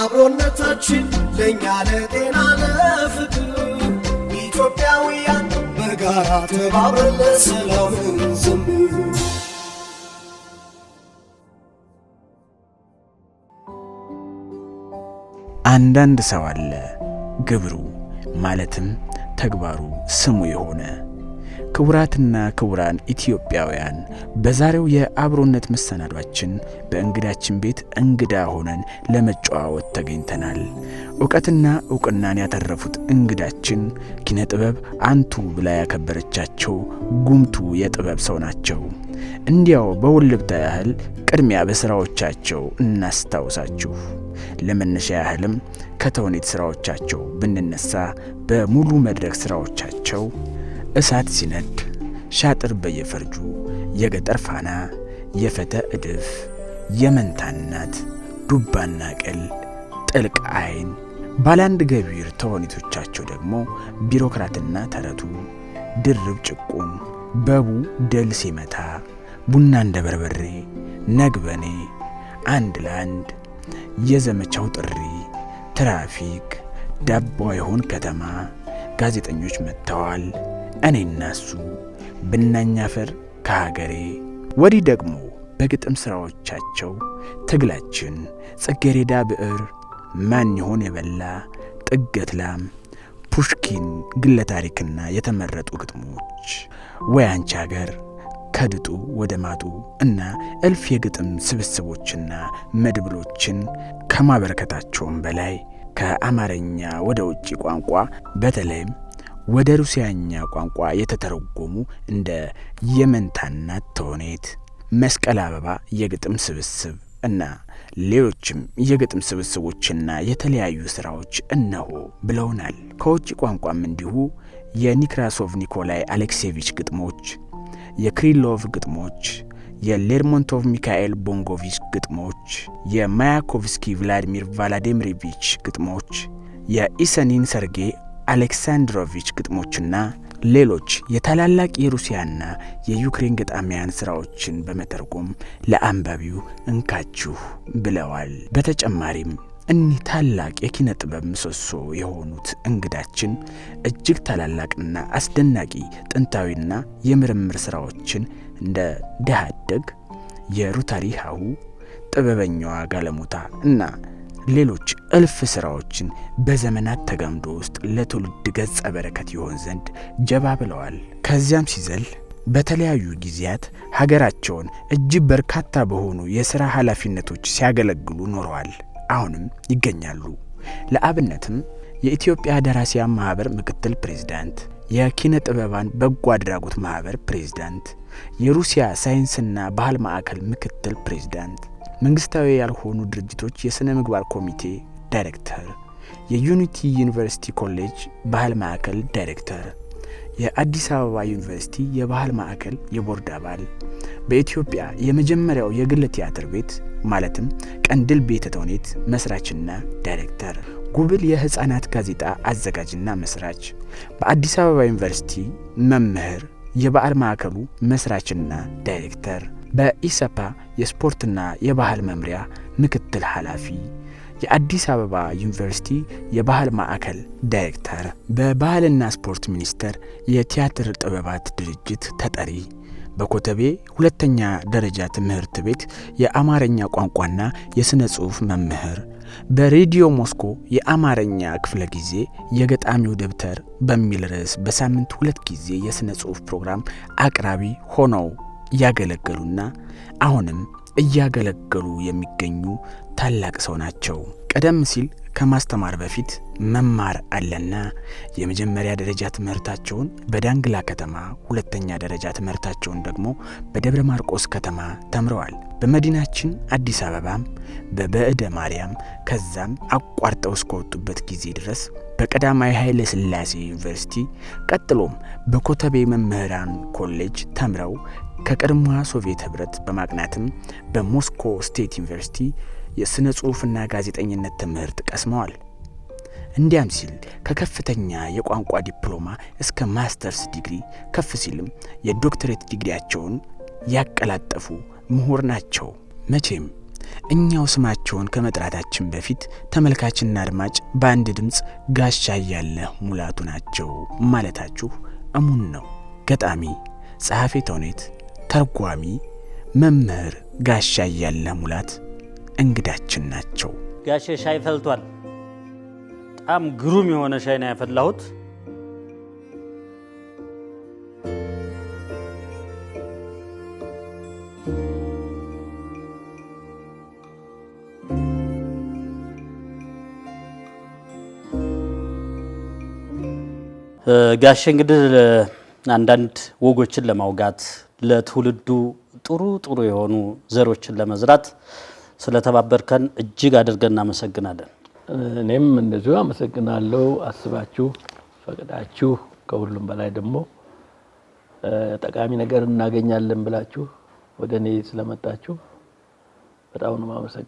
አብሮነታችን ለእኛ ለጤና ለፍቅር ኢትዮጵያውያን በጋራ ተባብረን ለሰላም እንዘምር። አንዳንድ ሰው አለ ግብሩ ማለትም ተግባሩ ስሙ የሆነ ክቡራትና ክቡራን ኢትዮጵያውያን በዛሬው የአብሮነት መሰናዷችን በእንግዳችን ቤት እንግዳ ሆነን ለመጨዋወት ተገኝተናል። እውቀትና እውቅናን ያተረፉት እንግዳችን ኪነ ጥበብ አንቱ ብላ ያከበረቻቸው ጉምቱ የጥበብ ሰው ናቸው። እንዲያው በውልብታ ያህል ቅድሚያ በሥራዎቻቸው እናስታውሳችሁ። ለመነሻ ያህልም ከተውኔት ሥራዎቻቸው ብንነሳ በሙሉ መድረክ ሥራዎቻቸው እሳት ሲነድ ሻጥር በየፈርጁ የገጠር ፋና የፈተ እድፍ የመንታናት ዱባና ቅል ጥልቅ አይን ባለአንድ ገቢር ተውኔቶቻቸው ደግሞ ቢሮክራትና ተረቱ ድርብ ጭቁም በቡ ደል ሲመታ ቡና እንደ በርበሬ ነግበኔ አንድ ለአንድ የዘመቻው ጥሪ ትራፊክ ዳባ ይሆን ከተማ ጋዜጠኞች መጥተዋል። እኔ እናሱ ብናኝ አፈር ከሀገሬ ወዲህ ደግሞ በግጥም ሥራዎቻቸው ትግላችን፣ ጽጌሬዳ ብዕር፣ ማን ይሆን የበላ፣ ጥገት ላም፣ ፑሽኪን ግለ ታሪክና የተመረጡ ግጥሞች ወይ አንቺ ሀገር ከድጡ ወደ ማጡ እና እልፍ የግጥም ስብስቦችና መድብሎችን ከማበረከታቸውም በላይ ከአማርኛ ወደ ውጭ ቋንቋ በተለይም ወደ ሩሲያኛ ቋንቋ የተተረጎሙ እንደ የመንታናት ተውኔት፣ መስቀል አበባ የግጥም ስብስብ እና ሌሎችም የግጥም ስብስቦችና የተለያዩ ስራዎች እነሆ ብለውናል። ከውጭ ቋንቋም እንዲሁ የኒክራሶቭ ኒኮላይ አሌክሴቪች ግጥሞች፣ የክሪሎቭ ግጥሞች፣ የሌርሞንቶቭ ሚካኤል ቦንጎቪች ግጥሞች፣ የማያኮቭስኪ ቭላዲሚር ቫላዲምሪቪች ግጥሞች፣ የኢሰኒን ሰርጌ አሌክሳንድሮቪች ግጥሞችና ሌሎች የታላላቅ የሩሲያና የዩክሬን ገጣሚያን ስራዎችን በመተርጎም ለአንባቢው እንካችሁ ብለዋል። በተጨማሪም እኒህ ታላቅ የኪነ ጥበብ ምሰሶ የሆኑት እንግዳችን እጅግ ታላላቅና አስደናቂ ጥንታዊና የምርምር ስራዎችን እንደ ደሃደግ የሩታሪ ሀሁ ጥበበኛዋ ጋለሞታ እና ሌሎች እልፍ ሥራዎችን በዘመናት ተገምዶ ውስጥ ለትውልድ ገጸ በረከት ይሆን ዘንድ ጀባ ብለዋል። ከዚያም ሲዘል በተለያዩ ጊዜያት ሀገራቸውን እጅግ በርካታ በሆኑ የሥራ ኃላፊነቶች ሲያገለግሉ ኖረዋል፣ አሁንም ይገኛሉ። ለአብነትም የኢትዮጵያ ደራሲያን ማኅበር ምክትል ፕሬዝዳንት፣ የኪነ ጥበባን በጎ አድራጎት ማኅበር ፕሬዝዳንት፣ የሩሲያ ሳይንስና ባህል ማዕከል ምክትል ፕሬዝዳንት መንግስታዊ ያልሆኑ ድርጅቶች የሥነ ምግባር ኮሚቴ ዳይሬክተር፣ የዩኒቲ ዩኒቨርሲቲ ኮሌጅ ባህል ማዕከል ዳይሬክተር፣ የአዲስ አበባ ዩኒቨርሲቲ የባህል ማዕከል የቦርድ አባል፣ በኢትዮጵያ የመጀመሪያው የግል ቲያትር ቤት ማለትም ቀንድል ቤተ ተውኔት መስራችና ዳይሬክተር፣ ጉብል የህፃናት ጋዜጣ አዘጋጅና መስራች፣ በአዲስ አበባ ዩኒቨርሲቲ መምህር የበዓል ማዕከሉ መስራችና ዳይሬክተር፣ በኢሰፓ የስፖርትና የባህል መምሪያ ምክትል ኃላፊ፣ የአዲስ አበባ ዩኒቨርሲቲ የባህል ማዕከል ዳይሬክተር፣ በባህልና ስፖርት ሚኒስቴር የቲያትር ጥበባት ድርጅት ተጠሪ፣ በኮተቤ ሁለተኛ ደረጃ ትምህርት ቤት የአማርኛ ቋንቋና የሥነ ጽሑፍ መምህር በሬዲዮ ሞስኮ የአማርኛ ክፍለ ጊዜ የገጣሚው ደብተር በሚል ርዕስ በሳምንት ሁለት ጊዜ የሥነ ጽሑፍ ፕሮግራም አቅራቢ ሆነው ያገለገሉና አሁንም እያገለገሉ የሚገኙ ታላቅ ሰው ናቸው። ቀደም ሲል ከማስተማር በፊት መማር አለና የመጀመሪያ ደረጃ ትምህርታቸውን በዳንግላ ከተማ፣ ሁለተኛ ደረጃ ትምህርታቸውን ደግሞ በደብረ ማርቆስ ከተማ ተምረዋል። በመዲናችን አዲስ አበባም በበእደ ማርያም ከዛም አቋርጠው እስከወጡበት ጊዜ ድረስ በቀዳማዊ ኃይለ ሥላሴ ዩኒቨርሲቲ ቀጥሎም በኮተቤ መምህራን ኮሌጅ ተምረው ከቀድሞዋ ሶቪየት ኅብረት በማቅናትም በሞስኮ ስቴት ዩኒቨርሲቲ የሥነ ጽሑፍና ጋዜጠኝነት ትምህርት ቀስመዋል። እንዲያም ሲል ከከፍተኛ የቋንቋ ዲፕሎማ እስከ ማስተርስ ዲግሪ ከፍ ሲልም የዶክትሬት ዲግሪያቸውን ያቀላጠፉ ምሁር ናቸው። መቼም እኛው ስማቸውን ከመጥራታችን በፊት ተመልካችና አድማጭ በአንድ ድምፅ ጋሻ እያለህ ሙላቱ ናቸው ማለታችሁ እሙን ነው። ገጣሚ፣ ጸሐፌ ተውኔት፣ ተርጓሚ፣ መምህር ጋሻ እያለህ ሙላት እንግዳችን ናቸው። ጋሼ ሻይ ፈልቷል። በጣም ግሩም የሆነ ሻይ ነው ያፈላሁት። ጋሼ እንግዲህ አንዳንድ ወጎችን ለማውጋት ለትውልዱ ጥሩ ጥሩ የሆኑ ዘሮችን ለመዝራት ስለተባበርከን እጅግ አድርገን እናመሰግናለን። እኔም እንደዚሁ አመሰግናለሁ። አስባችሁ ፈቅዳችሁ፣ ከሁሉም በላይ ደግሞ ጠቃሚ ነገር እናገኛለን ብላችሁ ወደ እኔ ስለመጣችሁ በጣም ነው